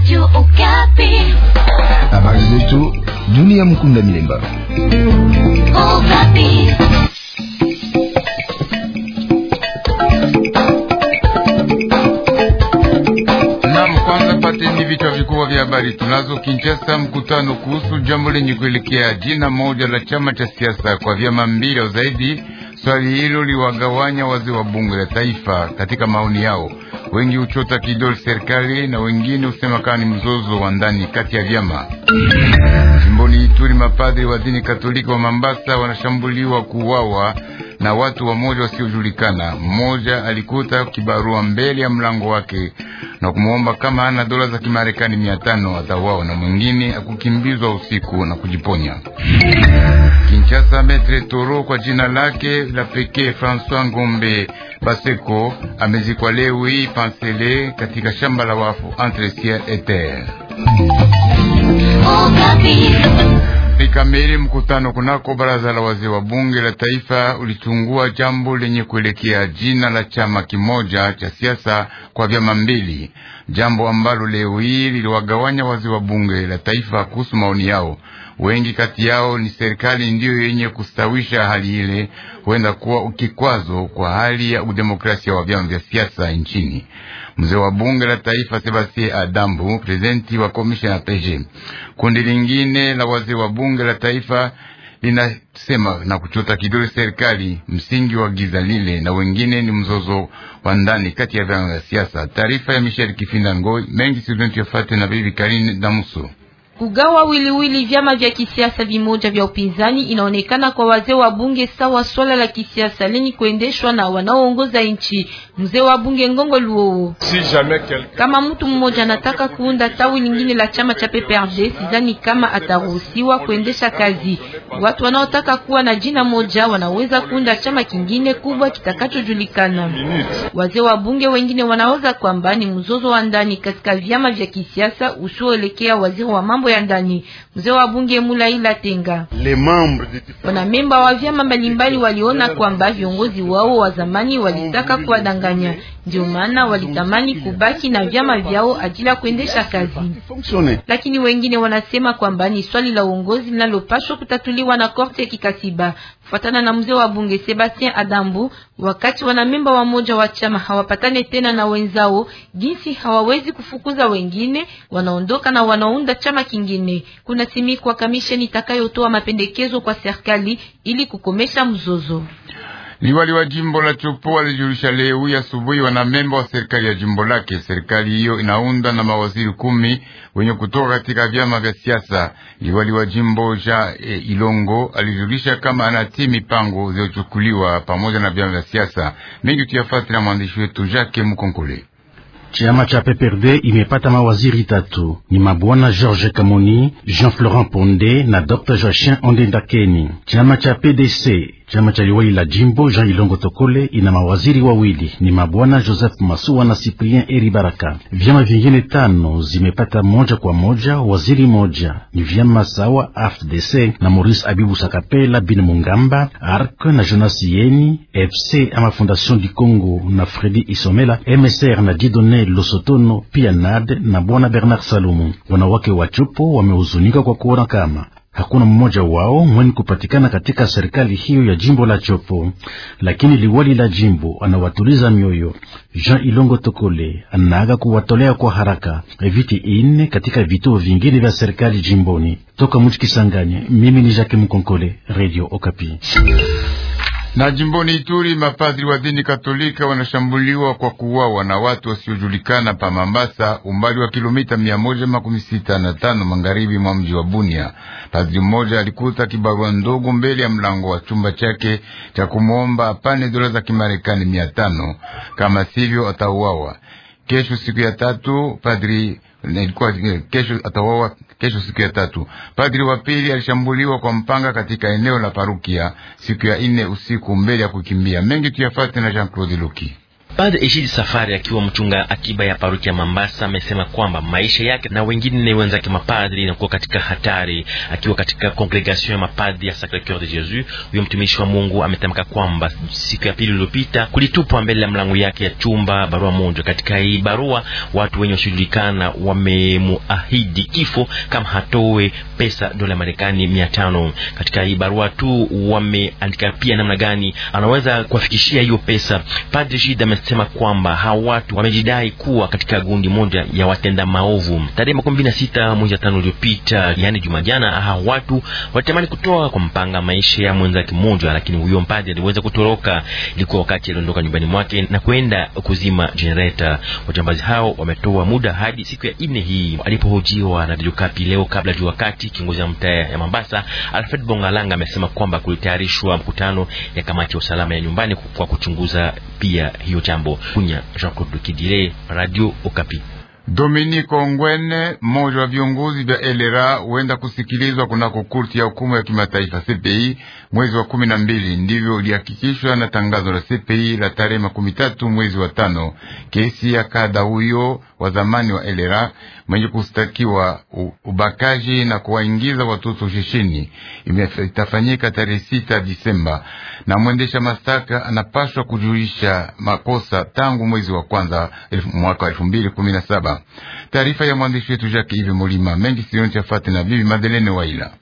Radio Okapi. Habari zetu dunia, mkunda milemba Okapi. Pateni vichwa vikubwa vya habari tunazo. Kinshasa, mkutano kuhusu jambo lenye kuelekea jina moja la chama cha siasa kwa vyama mbili au zaidi. Swali hilo liwagawanya wazee wa bunge la taifa katika maoni yao wengi uchota kidole serikali na wengine usema ni mzozo wa ndani kati ya vyama. Jimboni Ituri, mapadri wa dini Katoliki wa Mambasa wanashambuliwa kuuawa na watu wamoja wasiojulikana. Mmoja alikuta kibarua mbele ya mlango wake na kumwomba kama ana dola za Kimarekani mia tano atawao na mwingine akukimbizwa usiku na kujiponya. Kinshasa, Metre Toro kwa jina lake la pekee François Ngombe Baseko amezikwa leo hii Pansele katika shamba la wafu entre ciel et terre. Oh, kamili mkutano kunako baraza la wazee wa bunge la taifa ulichungua jambo lenye kuelekea jina la chama kimoja cha siasa kwa vyama mbili, jambo ambalo leo hii liliwagawanya wazee wa bunge la taifa kuhusu maoni yao. Wengi kati yao ni serikali ndiyo yenye kustawisha hali ile, huenda kuwa kikwazo kwa hali ya udemokrasia wa vyama vya siasa nchini. Mzee wa bunge la taifa Sebastien Adambu, prezidenti wa komisheni ya PG. Kundi lingine la wazee wa bunge la taifa linasema na kuchota kidole serikali msingi wa giza lile, na wengine ni mzozo wa ndani kati ya vyama vya siasa. Taarifa ya Michel Kifinda Ngoi mengi studenti yafate na bibi Karine Damuso. Kugawa wiliwili vyama vya kisiasa vimoja vya upinzani inaonekana kwa wazee wa bunge sawa swala la kisiasa lenye kuendeshwa na wanaoongoza nchi. Mzee wa bunge Ngongo Luowo, si jamais quelqu'un kama mtu mmoja anataka kuunda tawi lingine la chama cha PPRD, sidhani kama ataruhusiwa kuendesha kazi. Watu wanaotaka kuwa na jina moja wanaweza kuunda chama kingine kubwa kitakachojulikana. Wazee wa bunge wengine wanaoza kwamba ni mzozo wa ndani katika vyama vya kisiasa usioelekea waziri wa mambo ya ndani. Mzee wa bunge Mulaila Tenga, wana memba wa vyama mbalimbali waliona kwamba viongozi wao wa zamani walitaka danga kufanya. Ndio maana walitamani kubaki na vyama vyao ajili ya kuendesha kazi, lakini wengine wanasema kwamba ni swali la uongozi linalopashwa kutatuliwa na korte ya kikatiba. kufuatana na mzee wa bunge Sebastien Adambu, wakati wanamemba wa moja wa chama hawapatane tena na wenzao, jinsi hawawezi kufukuza wengine, wanaondoka na wanaunda chama kingine. Kuna simikwa kamisheni itakayotoa mapendekezo kwa serikali ili kukomesha mzozo. Liwali wa jimbo la Chopo alijulisha leo asubuhi memba wa serikali ya jimbo lake. Serikali hiyo inaunda na mawaziri kumi wenye kutoka katika vyama vya siasa. Liwali wa jimbo ja e, Ilongo alijulisha kama anatii mipango zilizochukuliwa pamoja na vyama vya siasa mengi. Tuyafati na mwandishi wetu Jacques Mukonkole. Chama cha PPRD imepata mawaziri tatu ni mabwana George Kamoni, Jean Florent Ponde na Dr. Joachim Ondendakeni. Chama cha PDC chama cha liwali la jimbo Jean Ilongo Tokole ina mawaziri wawili ni mabwana Joseph Masua na Cyprien Eri Baraka. Vyama vingine tano zimepata moja kwa moja waziri moja, ni vyama sawa AFDC na Maurice Abibu Sakapela bin Mungamba, ARC na Jonas Yeni, FC ama Fondation du Congo na Fredi Isomela, MSR na Didone Germain Losotono pia Nade na bwana Bernard Salumu. Wanawake wa Chopo wamehuzunika kwa kuona kama hakuna mmoja wao mwenye kupatikana katika serikali hiyo ya jimbo la Chopo, lakini liwali la jimbo anawatuliza mioyo. Jean Ilongo Tokole anaaga kuwatolea kwa haraka viti ine katika vituo vingine vya serikali jimboni. Toka mji Kisangani, mimi ni Jacques Mkonkole, Radio Okapi. Na jimboni Ituri, mapadri wa dini Katolika wanashambuliwa kwa kuuawa na watu wasiojulikana pa Mambasa, umbali wa kilomita mia moja makumi sita na tano magharibi mwa mji wa Bunia. Padri mmoja alikuta kibarua ndogo mbele ya mlango wa chumba chake cha kumwomba apane dola za Kimarekani mia tano, kama sivyo atauawa kesho siku ya tatu padri ilikuwa kesho atawawa kesho siku ya tatu. Padri wa pili alishambuliwa kwa mpanga katika eneo la parukia siku ya ine usiku mbele ya kukimbia. Mengi tuyafate na Jean Claude Luki. Padre Egid Safari akiwa mchunga akiba ya paruki ya Mambasa amesema kwamba maisha yake na wengine wenzake mapadri inakuwa katika hatari akiwa katika kongregation ya mapadri ya Sacre Coeur de Jesus. Huyo mtumishi wa Mungu ametamka kwamba siku ya pili iliyopita kulitupwa mbele ya mlango yake ya chumba barua moja. Katika hii barua watu wenye washulikana wamemuahidi kifo kama hatoe pesa dola Marekani mia tano. Katika hii barua tu wameandika pia namna gani anaweza kuwafikishia hiyo pesa. Padri Egid wanasema kwamba hawa watu wamejidai kuwa katika gundi moja ya watenda maovu. Tarehe makumi mbili na sita mwezi wa tano uliopita, yaani Jumajana, hawa watu walitamani kutoa kwa mpanga maisha ya mwenzake mmoja, lakini huyo mpadi aliweza kutoroka. Ilikuwa wakati aliondoka nyumbani mwake na kwenda kuzima jenereta. Wajambazi hao wametoa muda hadi siku ya nne hii. Alipohojiwa na Radio Okapi leo kabla ya wakati, kiongozi wa mtaa ya Mombasa Alfred Bongalanga amesema kwamba kulitayarishwa mkutano ya kamati ya usalama ya nyumbani kwa kuchunguza pia hiyo Chambo, Kunya Jean Claude Kidire, Radio Okapi. Dominico Ngwene, mmoja wa viongozi vya elera, huenda kusikilizwa kunako kurti ya hukumu ya kimataifa CPI mwezi wa kumi na mbili. Ndivyo ilihakikishwa na tangazo la CPI la tarehe makumi tatu mwezi wa tano. Kesi ya kada huyo wa zamani wa elera mwenye kustakiwa ubakaji na kuwaingiza watoto shishini itafanyika tarehe sita Disemba, na mwendesha mashtaka anapaswa kujulisha makosa tangu mwezi wa kwanza mwaka elfu mbili kumi na saba. Taarifa ya mwandishi wetu Jacques Ive Molima mengi sioni chafate na bibi Madeleine Waila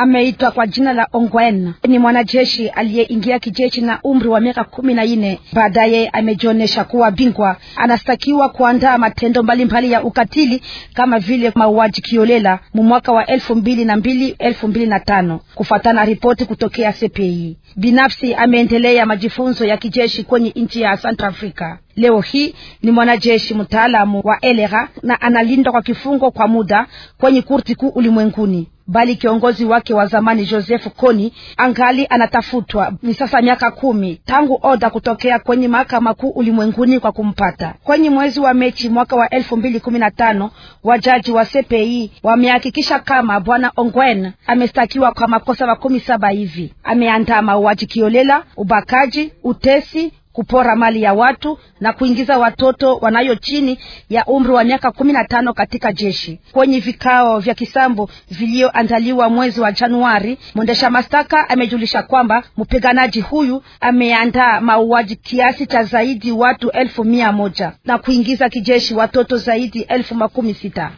ameitwa kwa jina la Ongwen. Ni mwanajeshi aliyeingia kijeshi na umri wa miaka kumi na nne. Baadaye amejionyesha kuwa bingwa, anastakiwa kuandaa matendo mbalimbali mbali ya ukatili kama vile mauaji kiolela mu mwaka wa elfu mbili na mbili elfu mbili na tano kufuatana ripoti kutokea CPI. Binafsi ameendelea majifunzo ya kijeshi kwenye nchi ya Africa. Leo hii ni mwanajeshi mtaalamu wa elera na analindwa kwa kifungo kwa muda kwenye kurti kuu ulimwenguni bali kiongozi wake wa zamani Joseph Kony angali anatafutwa. Ni sasa miaka kumi tangu oda kutokea kwenye mahakama kuu ulimwenguni kwa kumpata. Kwenye mwezi wa Mechi mwaka wa elfu mbili kumi na tano wajaji wa CPI e wamehakikisha kama bwana Ongwen amestakiwa kwa makosa makumi saba hivi: ameandaa mauaji kiolela, ubakaji, utesi kupora mali ya watu na kuingiza watoto wanayo chini ya umri wa miaka kumi na tano katika jeshi. Kwenye vikao vya kisambo vilivyoandaliwa mwezi wa Januari, mwendesha mashtaka amejulisha kwamba mpiganaji huyu ameandaa mauaji kiasi cha zaidi watu elfu mia moja na kuingiza kijeshi watoto zaidi elfu makumi sita.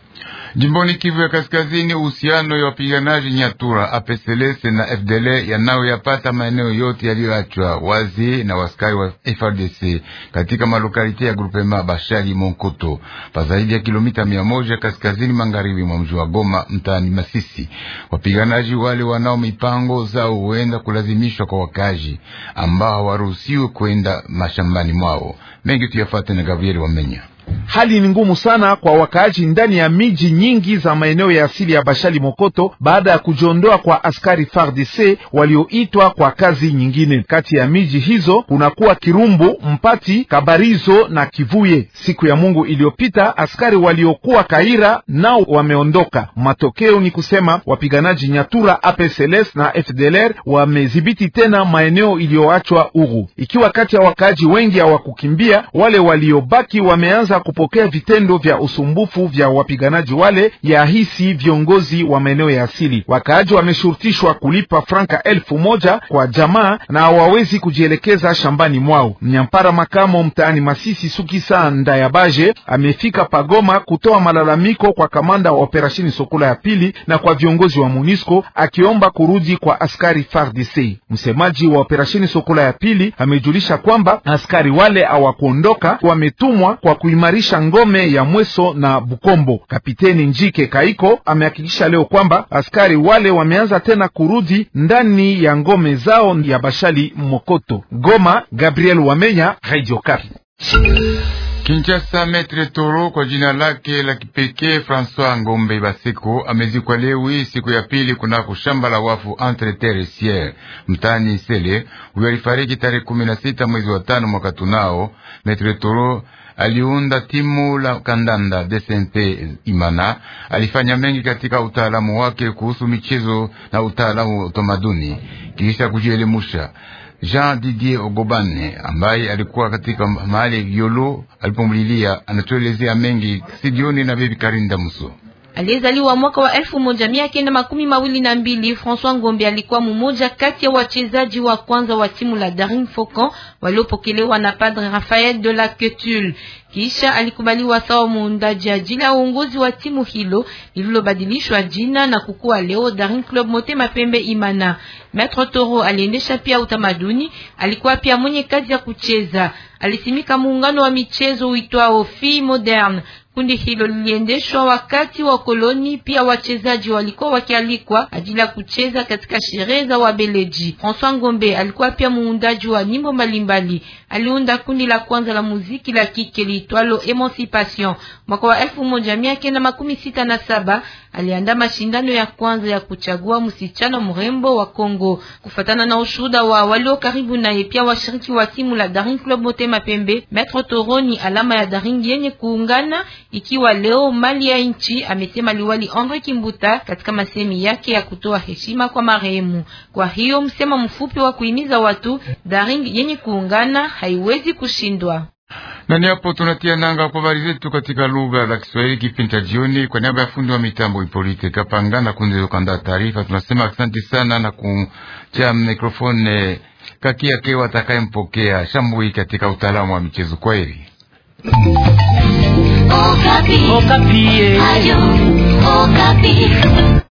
Jimboni Kivu ya Kaskazini, uhusiano ya wapiganaji Nyatura apeselese na FDL yanayo yapata maeneo yote yaliyoachwa wazi na waskari wa FRDC katika malokalite ya grupema Bashali Monkoto pa zaidi ya kilomita mia moja kaskazini magharibi mwa mji wa Goma mtaani Masisi. Wapiganaji wale wanao mipango zao huenda kulazimishwa kwa wakaji ambao hawaruhusiwe kwenda mashambani mwao. Mengi tuyafate na Gabriel Wamenya. Hali ni ngumu sana kwa wakaaji ndani ya miji nyingi za maeneo ya asili ya Bashali Mokoto baada ya kujiondoa kwa askari FARDC walioitwa kwa kazi nyingine. Kati ya miji hizo kunakuwa Kirumbu, Mpati, Kabarizo na Kivuye. Siku ya Mungu iliyopita askari waliokuwa Kaira nao wameondoka. Matokeo ni kusema wapiganaji Nyatura, APSLS na FDLR wamedhibiti tena maeneo iliyoachwa huru, ikiwa kati ya wakaaji wengi hawakukimbia, wale waliobaki wameanza kuweza kupokea vitendo vya usumbufu vya wapiganaji wale, yahisi viongozi wa maeneo ya asili. Wakaaji wameshurutishwa kulipa franka elfu moja kwa jamaa na hawawezi kujielekeza shambani mwao. Mnyampara makamo mtaani Masisi Sukisa Ndayabaje amefika Pagoma kutoa malalamiko kwa kamanda wa operasheni Sokola ya pili na kwa viongozi wa MONUSCO akiomba kurudi kwa askari FARDC. Msemaji wa operasheni Sokola ya pili amejulisha kwamba askari wale hawakuondoka, wametumwa kwa kuima kuimarisha ngome ya Mweso na Bukombo. Kapiteni Njike Kaiko amehakikisha leo kwamba askari wale wameanza tena kurudi ndani ya ngome zao ya Bashali Mokoto. Goma, Gabriel Wamenya, Radio Okapi. Kinshasa, Metre Toro kwa jina lake la kipekee Francois Ngombe Baseko amezikwa leo hii siku ya pili kunako shamba la wafu Entre Teresiere mtaani Sele. Huyo alifariki tarehe kumi na sita mwezi wa tano mwaka tunao. Metre Toro aliunda timu la kandanda DSMP Imana. Alifanya mengi katika utaalamu wake kuhusu michezo na utaalamu wa utamaduni kisha kujielimusha. Jean Didier Ogobane ambaye alikuwa katika mahali Yolo alipomlilia, anatuelezea mengi sidioni na bibi Karinda Muso aliyezaliwa mwaka wa elfu moja mia kenda makumi mawili na mbili. François Ngombe alikuwa mmoja kati ya wachezaji wa kwanza wa timu la Daring Faucon waliopokelewa na Padre Rafael de la Quetule. Kisha alikubaliwa sawa muundaji ajili ya uongozi wa timu hilo lililobadilishwa jina na kukua leo Daring Club Motema Pembe Imana. Metro Toro aliendesha pia utamaduni, alikuwa pia mwenye kazi ya kucheza. Alisimika muungano wa michezo uitwao Fi Moderne. Kundi hilo liliendeshwa wakati wa koloni, pia wachezaji walikuwa wakialikwa ajili ya kucheza katika sherehe za Wabeleji. François Ngombe alikuwa pia muundaji wa nyimbo mbalimbali aliunda kundi la kwanza la muziki la kike liitwalo Emancipation. Mwaka wa elfu moja mia kenda makumi sita na saba aliandaa mashindano ya kwanza ya kuchagua msichana mrembo wa Kongo kufatana na ushuhuda wa walio karibu naye, pia washiriki wa timu la Daring Club Motema Pembe. Metro Toroni alama ya Daring yenye kuungana ikiwa leo mali ya nchi, amesema liwali Andre Kimbuta katika masemi yake ya kutoa heshima kwa marehemu. Kwa hiyo msema mfupi wa kuhimiza watu Daring yenye kuungana haiwezi kushindwa. Na ni hapo tunatia nanga kwa habari zetu katika lugha za Kiswahili kipindi cha jioni. Kwa niaba ya fundi wa mitambo Ipolite Kapanga na kundi lokanda taarifa, tunasema asante sana na kumcha mikrofone kaki kewa atakayempokea shambui katika utaalamu wa michezo. Kwa heri. Okapi. Okapi.